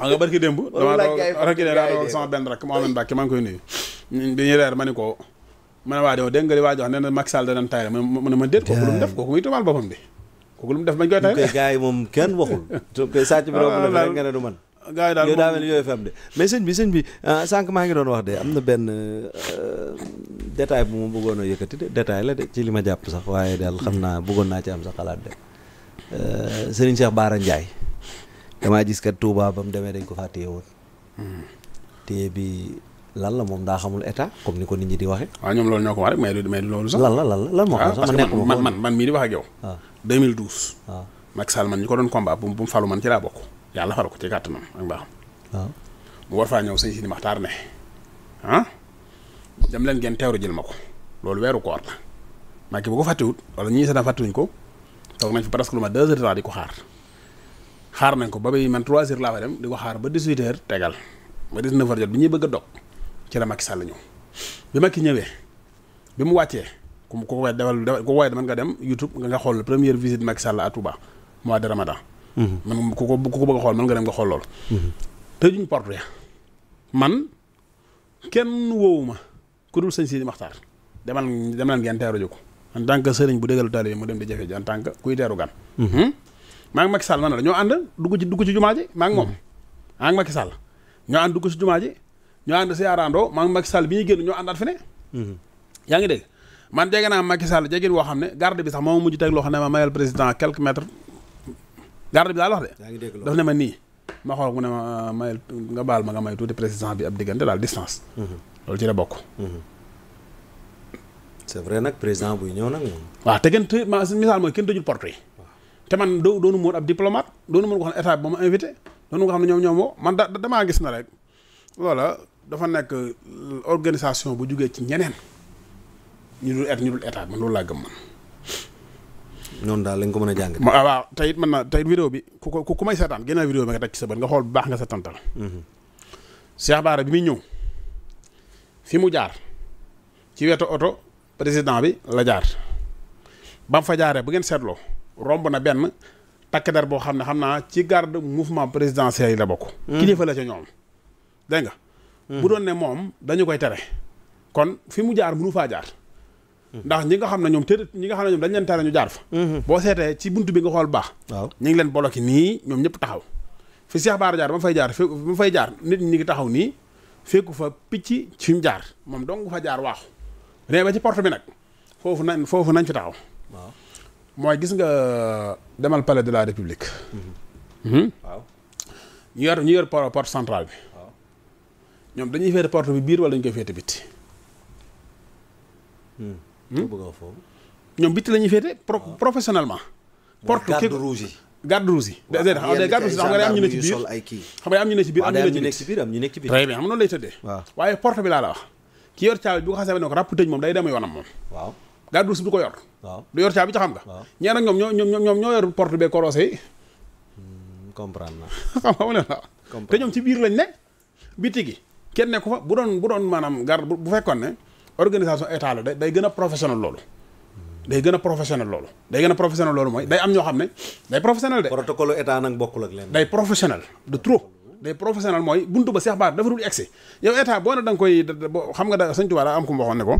xam nga barki démb damaa doon rek ne daa doon sama benn rak Mouhamed Mbacke maa ngi koy nuyu bi ñuy reer ma ni ko ma ne waa dégg nga li waa jox nee na Macky Sall da doon tayal mu ne ma déet kooku lu mu def kooku muy lu mu def bañ koy tayal gars yi moom kenn waxul koy sàcc bi romb na ah, rek nga du man gars yi daal yow daa mel yooyu fi am de mais sëñ bi sëñ bi ah, sànq maa ngi doon wax de am na benn euh, détail bu ma bëggoon a yëkkati de détail la de ci li ma jàpp sax waaye daal xam naa bëggoon naa ci am sa xalaat de euh, Serigne Cheikh Bara damaa gis kat Touba ba mu demee dañ ko faa téye woon. téye bi lan la moom daa xamul état comme ni ko nit ñi di waxee. waaw ñoom loolu ñoo ko wax rek mais du mais du loolu sax. lan ah, ma nekkul man mii di wax ak yow. waaw 2012. waaw Macky man ñu ko doon combat bu mu falu man ci laa bokk. yàlla faral ko ci kàttanam ak mbaaxam. waaw ah. mu war faa ñëw sëñ Sidi Maxtaar ne ah, dem leen ngeen teewru jël ma ko loolu weeru koor la Macky bu ko fàttewut wala ñii sax fàttewuñ ko toog nañ fi presque lu ma deux heures di ko xaar xaar nañ ko ba bay man 3 heures laa fa dem di ko xaar ba 18 tegal ba 19 heures jot bi ñuy bëgg a dog ci la Macky Sall ñëw bi Macky ñëwee bi mu wàccee ku ko waaye defal defal ku ko waaye mën nga dem YouTube nga xool première visite Macky Sall à Touba mois de Ramadan. Mhm. man ku ko ku ko bëgg a xool mën nga dem nga xool loolu. Mhm. tëjuñ ya man kenn woowu ma ku dul sëñ Sidi Maxtaar demal demal ngeen teeru ji ko en tant que sëriñ bu dëggal taalibe mu dem di jafe ji en tant que kuy teeru maa ngi Macky Sall ma ne la ñoo ànd dugg ci dugg ci jumaa ji maa ngi moom mm-hmm. maa ngi Macky Sall ñoo ànd dugg ci jumaa ji ñoo ànd si arando maa ngi Macky Sall bi ñuy génn ñoo àndaat fi ne mm-hmm. yaa ngi dégg man jege naa Macky Sall jegin woo xam ne garde bi sax moom mujj teg loo xam ne ma mayal président quelques mètres garde bi daal wax de daf ne ma nii ma xool mu ne ma ah, mayal nga baal ma nga may tuuti président bi ab diggante daal distance mm-hmm. loolu ci la bokk c'est vrai nag président buy ñëw nag moom waaw te kenn misaal mooy kenn tëjul porte yi te man doo doonu moon ab diplomate doonu moon ko xam ne état bi ma invité doonu nga xam ne ñoom ñoom woo man da damaa gis na rek loola dafa nekk euh, organisation bu jógee ci ñeneen ñu dul et ñu man loolu laa gëm man. noonu daal lañ ko mën a jàng. ma ah, waaw tey it man na tey vidéo bi ku ko ku may seetaan génneel vidéo bi nga teg ci sa bët nga xool bu baax nga sa tantal. Mm-hmm. Cheikh Bara bi muy ñëw fi mu jaar ci wetu oto président bi la jaar bam fa jaaree bu ngeen seetloo. romb na benn takk boo xam ne xam naa ci garde mouvement présidentiel yi la bokk. Hmm. kilifa la ca ñoom dégg nga. Hmm. bu doon ne moom dañu koy tere. kon fi mu jaar mënu faa jaar. Hmm. ndax ñi nga xam ne ñoom tër ñi nga xam ne ñoom dañ leen tere ñu jaar fa. boo seetee ci bunt bi nga xool baax. waaw ñu ngi leen boloki nii ñoom ñëpp taxaw. fi Cheikh Bara jaar ba mu fay jaar fekk ba mu nit ñi ngi taxaw nii fekku fa picc fi mu jaar moom dong fa jaar waaxu. nee ba ci port bi nag foofu nañ foofu nañ fi taxaw. waaw mooy gis nga demal palais de la république. Mhm. Hmm? waaw. ñu yor ñu yor porte centrale bi. waaw ñoom dañuy féete porte bi biir wala ñu koy féete bitti. Hmm. Hmm? bëgg foofu. ñoom bitti la ñuy féete professionnellement. porte garde rouge yi. garde rouge yi. waaw yenn kay gendarme yu sol ay kii xam nga am ñu ne ci biir. xam nga am ñu ne ci biir am ñu nekk ci biir. très bien xam nga noonu lay tëddee. waaw waaye porte bi laa la wax. ki yor caabi bi bu ko xasee ba ne ko ràpp tëj moom day dem yoonam moom. waaw. daa dul si du ko yor. waaw du yor caabi ci xam nga. waaw ñeent ak ñoom ñoo ñoom ñoom ñoo yor porte bee korosé yi. Hmm, comprendre naa. xam nga leen waaw. te ñoom ci biir lañ ne. biti gi kenn nekku fa bu doon bu doon maanaam gar bu fekkoon ne organisation état la day gën a professionnel loolu. Hmm. day gën a professionnel loolu. day gën a professionnel loolu mooy day am ñoo xam ne day professionnel de. protocole état nag bokkul ak leen. day professionnel de trop. day professionnel mooy buntu ba Cheikh Bara dafa dul egsi yow état boo ne da koy xam nga da Sëñ Tuubaa daa am ku mu waxoon ne ko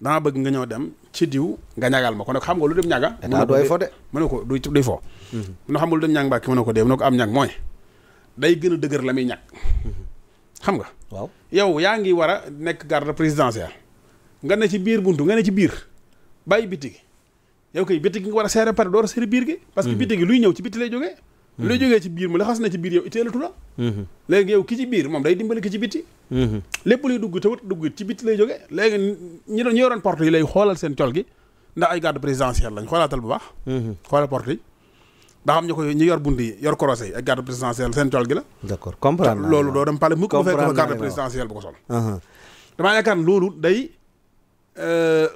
dama bëgg nga ñëw dem ci diw nga ñagal ma ko nag xam nga lu dem ñaga état doy fo de ko du duy fo mu mm-hmm. ne xam nga lu ñag mbàkki mu ne ko dee mu ne ko am ñag mooy day gën a dëgër la muy ñag mm-hmm. xam nga waaw yow yaa ngi war a nekk garde présidentielle nga ne ci biir buntu nga ne ci biir bàyyi biti gi yow koy biti gi nga war a seere pare door seere biir gi parce que mm-hmm. biti gi luy ñëw ci biti lay jógee lu hmm. jógee ci biir mu la na ci biir yow itteelatu la hmm. léegi yow ki ci biir moom day dimbali ki ci bitti hmm. lépp luy dugg te wut dugg ci bitti lay jóge léegi ñi doon ñi yoroon yi lay xoolal seen col gi ndax ay garde présidentielle lañ xoolaatal bu baax xoolal porte yi ba xam ñu ko ñi yor bunt yor korosé yi ak seen col gi la d'accord comprendre loolu doo dem pale mukk bu fekk fa garde présidentielle bu ko sol damaa yaakaar loolu day euh,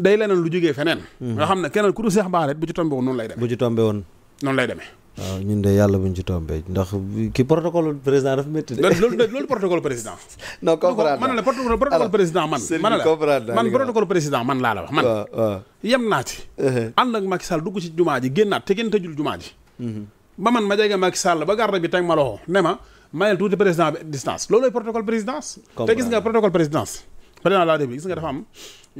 day leneen lu jógee feneen nga xam ne keneen ku du seex baaret bu ci tombé woon noonu lay demee bu ci tombé noonu lay deme waaw ñun de yàlla buñ ci tombé ndax ki protocole président dafa métti de. loolu loolu protocole président. non comprendre man la protocole président man. laa la wax man. yem naa ci. ànd ak Macky Sall dugg ci jumaa ji génnaat te kenn tëjul jumaa ji. Mhm. ba man ma jege Macky Sall ba garde bi teg ma loxo ne ma mayel tuuti président bi distance loolooy protocole présidence. te gis nga protocole présidence. président de la République gis nga dafa am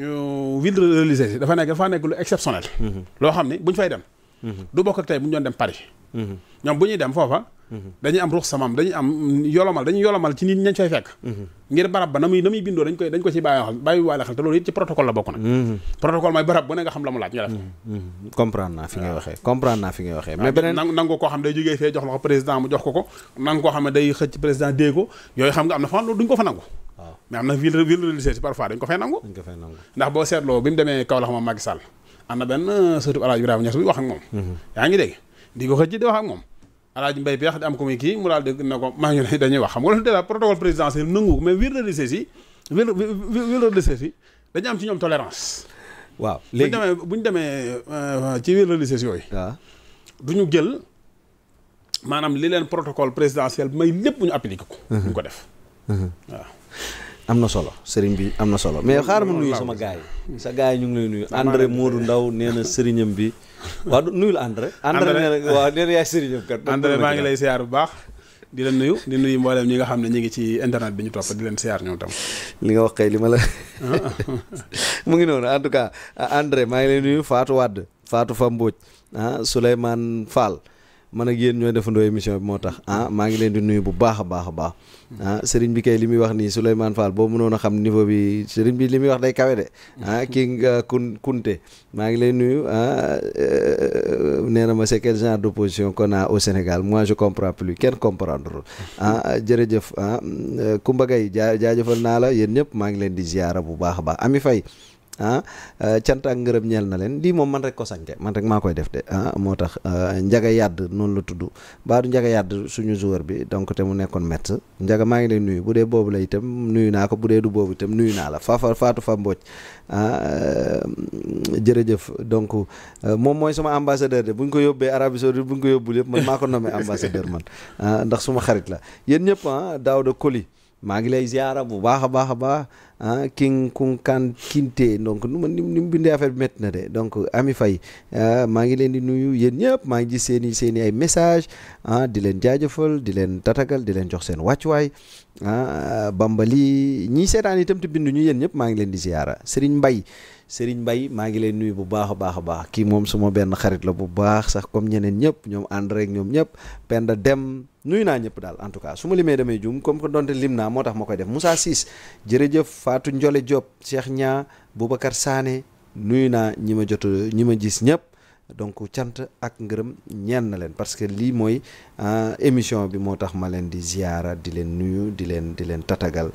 euh, ville religieuse dafa nekk dafa nekk lu exceptionnel. Mhm. loo xam ne buñ fay dem. Mhm. du bokk ak tey bu ñu doon dem Paris. Mhm. ñoom bu ñuy dem foofa. Mhm. dañuy am ruux samam dañuy am yolomal dañuy yolomal ci nit ñañ fay fekk. ngir barab ba na muy na muy bindoo dañ koy dañ ko ci bàyyi xel bàyyi waale xel te loolu it fee ko président mu jox ko ko nangu koo xam ne day xëcc président dee ko yooyu xam ndax boo seetloo bi mu demee Kaolack moom Macky Sall am na benn sëtu El Hadj Ibrahima Niass buy wax ak moom. Mhm. yaa ngi dégg di ko xëcc di wax ak moom. El Hadj Mbaye Peex di am ko muy kii mu daal di ne ko maa ngi ne dañuy wax xam nga loolu déjà protocole présidentiel nangu ko mais wér de ses yi wér wér de ses yi dañu am ci ñoom tolérance. waaw léegi bu ñu demee euh, ci wér de ses yooyu. waaw ñu jël maanaam li leen protocole présidentiel may lépp ñu appliqué ko. Mhm. ñu ko def mhm. waaw. am na solo sëriñ bi am na solo mais xaaral ma nuyu sama gaay yi sa gaay yi ñu ngi lay nuyu André Modou Ndaw nee na sëriñam bi waa nuyul André André nee na waaw nee na yaay sëriñam kat André maa ngi lay siyaar bu baax di la nuyu di nuyu mboolem ñi nga xam ne ñu ngi ci internet bi ñu topp di leen siyaar ñoom tam li nga wax kay li ma la mu ngi noonu en tout cas maa ngi lay nuyu Fatou Wade Fatou Fa mbóoj ah Souleymane Fall man ak yéen ñooy defandoo émission bi moo tax ah maa ngi leen di nuyu bu baax a baax baax ah sëriñ bi kay li muy wax nii Souleymane Fall boo mënoon a xam niveau bi sëriñ bi li muy wax day kawe de ah King ah, kun Kunte maa ngi lay nuyu ah euh, nee na ma c'est quel genre d'opposition qu'on a au Sénégal mois je comprends plus kenn comprendre ah jërëjëf ah Kumba euh, Gaye jaa jaajëfal naa la yéen ñëpp maa ngi leen di ziara bu baax a baax Ami fay ah euh, cant ak ngërëm ñeel na leen lii moom man rek ko sañte man rek maa koy def de ah, moo tax euh, Njaga Yàdd noonu la tudd Baadu Njaga Yàdd suñu joueur bi donc te mu nekkoon mett Njaga maa ngi lay nuyu bu dee boobu la itam nuyu naa ko bu dee du boobu itam nuyu naa la Fafa Faatu Fa Mbooj ah euh, jërëjëf donc moom mooy suma ambassadeur de bu ñu ko yóbbee Arabie Saoudite bu ñu ko yóbbul yëpp man maa ko nommé ambassadeur man ah, ndax suma xarit la yéen ñëpp ah Daouda Koli maa ngi lay ziara bu baax a baax a baax ah King Kunkan Kinte donc nu ma ni mu bindee bi métti de donc Ami Faye ah, maa ngi leen di nuyu yéen ñëpp maa ngi gis seen i seen i ay message ah di leen jaajëfal di leen tatagal di leen jox seen wàccuwaay ah Bambali ñii seetaan itam te bindu yéen ñëpp maa ngi leen di ziara Serigne Mbaye Serigne Mbaye maa ngi leen nuyu bu baax a baax a baax kii moom suma benn xarit la bu baax sax comme ñeneen ñëpp ñoom ànd ñoom ñëpp Penda Dem. nuyu naa ñëpp daal en tout cas su ma limee damay juum comme que donte lim naa moo tax ma koy def Moussa Ciss jërëjëf Fatou Ndiole Diop Cheikh Ñaa Boubacar Sané nuyu naa ñi ma jot ñi ma gis ñëpp donc cant ak ngërëm ñeen na leen parce que lii mooy émission bi moo tax ma leen di ziyaara di leen nuyu di leen di leen tatagal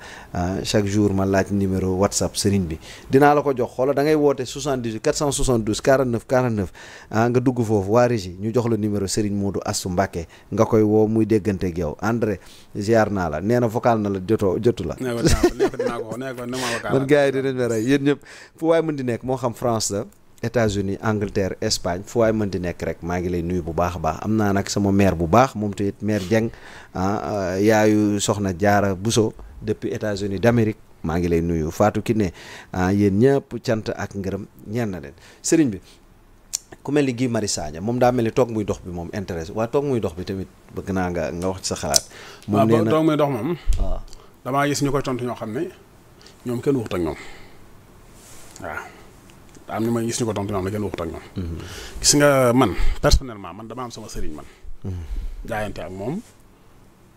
chaque jour ma laaj numéro whatsapp sëriñ bi dinaa la ko jox xoola da ngay woote 78 472 49 49 nga dugg foofu waa régie ñu jox la numéro sëriñ Modou Astou Mbacké nga koy woo muy déggante ak yow André ziyaar naa la nee na vocal na la jotoo jotu la man gars yi dinañ ma rey yéen fu waaye mën di nekk moo xam France la états uni Angleterre Espagne foo waay mën di nekk rek maa ngi lay nuyu bu baax a baax am naa nag sama maire bu baax moom tamit maire Dieng ah, ah yaayu soxna Jaara Bousso depuis États-Unis d'Amérique maa ngi lay nuyu Fatou Kiné ah yéen ñëpp cant ak ngërëm ñeen na leen sëriñ bi ku mel ni gii Marius Sagna moom daa mel ni toog muy dox bi moom intéressé waa toog muy dox bi tamit bëgg naa nga nga wax ci sa xalaat. moom nee na toog muy dox moom. damaa gis ñu koy tontu ñoo xam ne ñoom kenn waxut am ñu ma gis ñu ko tontu ñoom la kenn waxut ak ñoom. Mhm. nga man personnellement man dama am sama sëriñ man. Mhm. jaayante ak moom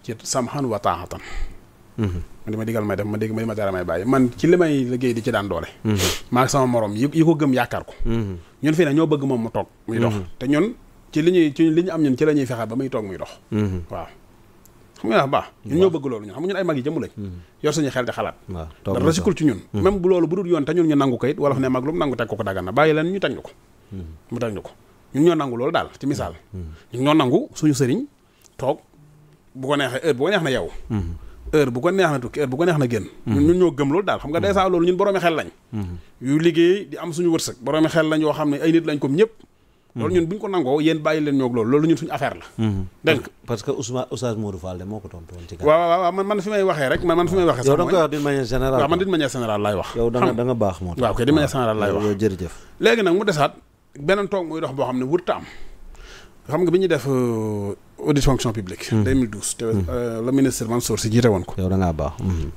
ci samxan wa taaxatan. man mhm. li ma digal may def ma dégg ma li ma dara may bàyyi man ci li may liggéey di ci daan doole. maa ngi sama morom yi yi ko gëm yaakaar ko. ñun fii ne ñoo bëgg moom mu toog. muy dox te ñun ci li ñuy ci li ñu am ñun ci lañuy ñuy fexe ba muy toog muy dox. waaw. xam nga baax ñun ñoo bëgg loolu ñun xam nga ñun ay mag yi jëmm lañ hmm. yor suñu xel di xalaat da rasikul ci ñun hmm. même bu loolu bu dul yoon te ñun ñu nangu ko it wala fa ne mag lu mu nangu teg ko ko daggan na bàyyi leen ñu teg ñu ko hmm. mu teg ñu ko ñun ñoo nangu loolu daal ci misaal ñun ñoo nangu suñu sëriñ toog bu ko neexee heure bu ko neex na yow heure bu ko neex na tukki heure bu ko neex na génn ñun ñoo gëm loolu daal xam nga day saa loolu ñun boroomi xel lañ liggéey di am suñu wërsëg boroomi xel lañ yoo xam ne ay nit lañ comme ñëpp loolu ñun bu ñu ko nangoo yéen bàyyi leen ñoog loolu loolu ñun suñu affaire la mhm. dégg nga parce que Ousmane Oustaz Modou Fall de moo ko tontu woon ci gàttal waaw waaw man man fi may waxee rek man man fi may waxee yow da nga koy wax d'une manière générale waaw man d'une manière générale laay wax yow da nga da nga baax moo waaw kay d'une manière générale laay wax yow jërëjëf léegi nag mu desaat beneen toog muy dox boo xam ne wërta am xam nga bi ñuy def euh, audit fonction publique 2012 mhm. te mhm. euh, le ministre Mansour Sy jiite woon ko yow da ngaa baax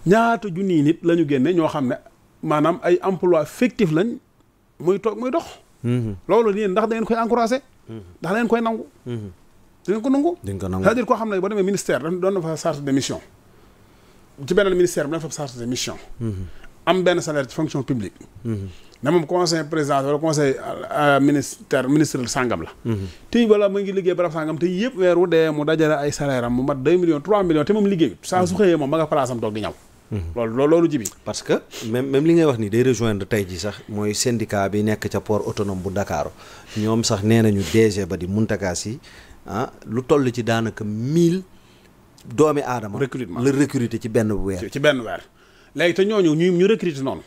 ñaata junni nit la ñu génne ñoo xam ne maanaam ay emploi fictif lañ muy toog muy dox Mm-hmm. loolu nii ndax da ngeen koy encouragé mm-hmm. ndax da ngeen koy nangu mm-hmm. da ngeen ko nangu cest à koo xam ne boo demee ministère da doon na fa chargé de mission ci beneen ministère bi da fa chargé de mission am benn salaire ci fonction publique ne moom conseil président wala conseil euh, ministère ministre sàngam la tey wala mu ngi liggéey barab sàngam te yëpp weer wu dee mu dajale ay salaire am mu mat deux millions trois millions te moom liggéeyut saa su xëyee moom ma nga place di ñaw Mhm. loolu loolu loolu jibi parce que même même li ngay wax ni de rejoindre tey ji sax mooy syndicat bi nekk ca port autonome bu Dakar ñoom sax nee nañu DG ba di Mountaga Sy ah lu toll ci daanaka mille doomi aadama recrutement la recruter ci benn weer ci benn weer léegi te ñooñu ñu ñu recruter noonu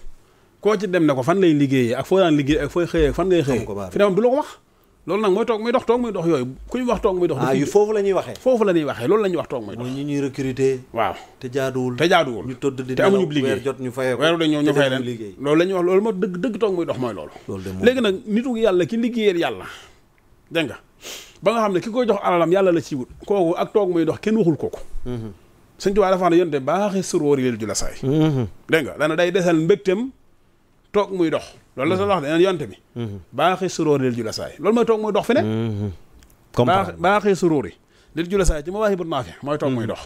koo ci dem ne ko fan lay liggéeyee ak foo daan liggéey ak fooy xëyee fan ngay xëyee fi ne moom du la ko wax loolu nag mooy toog muy dox toog muy dox yooyu ku ñu wax toog muy dox. ah yu foofu la ñuy foofu la wax toog muy dox. mooy ñi ñuy recruter. waaw te jaaduwul te jaaduwul. ñu tëdd di te amuñu liggéey weer jot ñu fayee ko. weeru loolu la ñuy wax loolu moo dëgg dëgg toog muy dox mooy loolu. léegi nag nitu yàlla ki liggéeyal yàlla dégg nga ba nga xam ne ki koy jox alalam yàlla la ci wut kooku ak toog muy dox kenn waxul kooku mhm. sëñ Tuubaa dafa xam ne yonte baaxi suróor yi la saay mhm. dégg nga dana day desal mbégteem toog muy dox loolu la sa wax dana yonte bi mhm. baaxee suróor lil ju la saay loolu mooy toog muy dox fi ne mhm. baaxee suróor yi lil ju saay ci ma mooy toog muy mhm. dox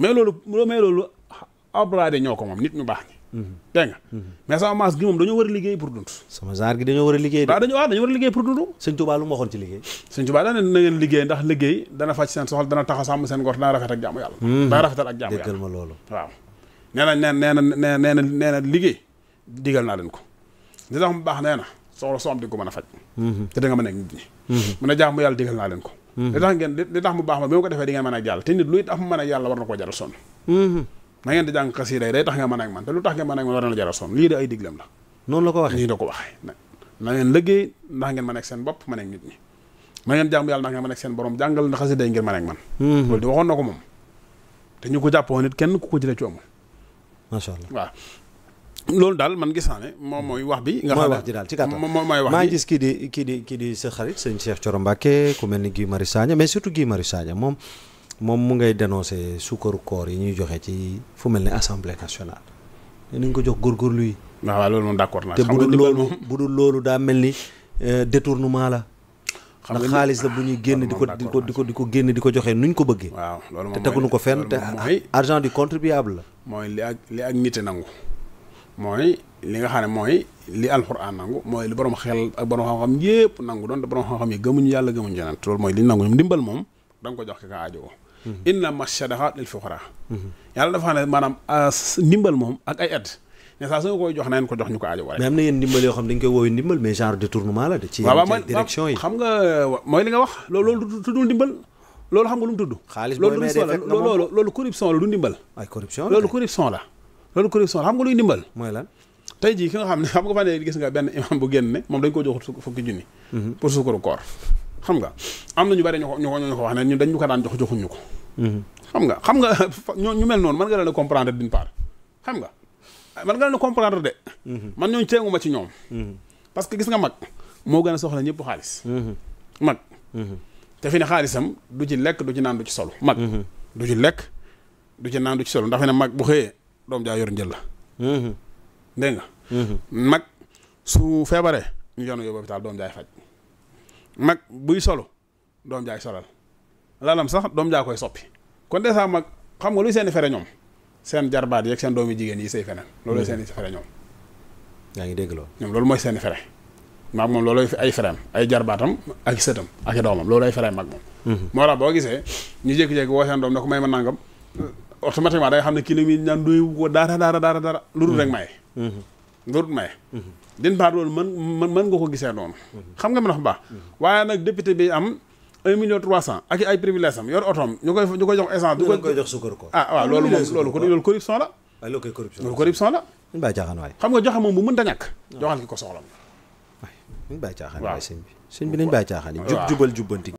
mais loolu mais loolu abrade ñoo ko moom nit ñu baax ñi dégg nga mais sama moom dañoo war a liggéey pour dund sama genre gi dañoo war a liggéey waaw dañoo war a liggéey pour dund sëñ Touba lu mu waxoon ci liggéey sëñ Touba daa ne liggéey ndax liggéey dana faj seen soxla dana tax a sàmm seen ngor dana rafet ak jaamu yàlla dana rafetal ak jaamu yàlla déggal ma na nee na nee na nee na na leen ko li tax mu baax nee na soxla soo am di ko mën a faj mhm. te da nga mën a nit ñi mu mhm. ne jaamu naa leen ko mhm. li tax ngeen li tax mu baax ma bi ma ko defee yàlla war na koo jaral sonn na ngeen di la jaral sonn lii de ay diglam la noonu la ko waxee na ngeen liggéey ndax ngeen mën ak seen bopp mën ak nit ñi na ngeen jaamu yàlla ndax ngeen mën ak seen borom jàngal na xasida yi ngeen ko moom te ñu ko jàppoon nit kenn ku ko jëlee ci amul loolu daal man gis naa ne moom mooy wax bi. nga xam ne mooy wax ji daal ci gàttal moom mooy wax maa gis kii di kii di kii di sa xarit sëñ Cheikh Thioro Mbacké ku mel ni Guy Marius Sagna mais surtout Guy Marius Sagna moom moom mu ngay dénoncer sukkaru koor yi ñuy joxe ci fu mel ni assemblée nationale. nañ ko jox góor yi. waaw waaw loolu moom d'accord naa. te bu dul loolu bu loolu daa mel ni euh, détournement la. xam nga xaalis la bu ñuy génn di ko di ko di ko di ko génn di ko joxe ñu ko bëggee. waaw loolu moom mooy ko fenn te argent contribuable la. mooy li ak li ak nite nangu mooy li nga xam ne mooy li alxuraan nangu mooy li borom xel ak borom xam-xam yépp nangu doon te borom xam-xam yi gëmuñu yàlla gëmuñu yeneen loolu mooy li nangu ñoom ndimbal moom da nga ko jox ki nga mhm. mhm. maanaam ah, ndimbal moom ak ay aide jox nañ ko ko aajo wala mais am na yenn ndimbal yoo xam dañ la de mooy li nga wax loolu loolu tuddul ndimbal loolu xam nga lu tudd xaalis loolu loolu corruption la du ndimbal ay corruption loolu corruption la loolu correction xam nga luy ndimbal mooy lan tey jii ki nga xam ne xam nga fa ne gis nga benn imam bu génn ne moom dañ ko jox fukki junni mhm. pour suukaru koor xam nga am na ñu bari ñu ko ñu ko wax ne ñun dañ ñu ko daan jox joxuñu ko mhm. xam nga xam nga ñu mel noonu man nga leen a comprendre d'une part xam nga mën nga leen a comprendre de mhm. man ñooñu teenguma ci ñoom parce que gis nga mag moo gën a soxla ñëpp xaalis mag te fi ne xaalisam du ci lekk du ci naan du ci solo mag du ci lekk du ci naan du ci solo ndax fi ne mag bu xëyee doom jaa yor njël la. Mm-hmm. dégg mm-hmm. mag su feebaree ñu yoonu yóbbu hôpital doom jaay faj mag buy solo doom jaay solal lalam sax doom jaa koy soppi kon dèjà mag xam nga luy seen fere ñoom seen jarbaat yeeg seen doomi jigéen yi say feneen. loolu mm-hmm. seen i fere ñoom. yaa ngi dégg loolu. ñoom loolu mooy seen fere. maag moom loolu ay fereem ay jarbaatam ak sëtam ak i doomam loolu ay fereem mag moom. moo tax boo gisee ñu jékki-jékki woo seen doom ne ko may ma nangam. automatiquement da nga xam ne kii li muy ñaan doyu ko daara daara daara daara lu dul rek mm-hmm. maye mm-hmm. lu dul maye mm-hmm. din part loolu mën mën nga ko gisee noonu xam nga mën wax baax waaye nag député bi am un million trois cent ak ay privilèges am yor ñu koy jox essence du koy jox suukar ko ah waaw loolu moom loolu ko loolu corruption la ah, loolu koy corruption loolu corruption la ñu bàyyi caaxaan waay xam nga joxe moom bu mën ta ñàkk ah. joxal ki ko soxlam waay ñu bàyyi caaxaan waay sëñ bi sëñ bi nañ bàyyi caaxaan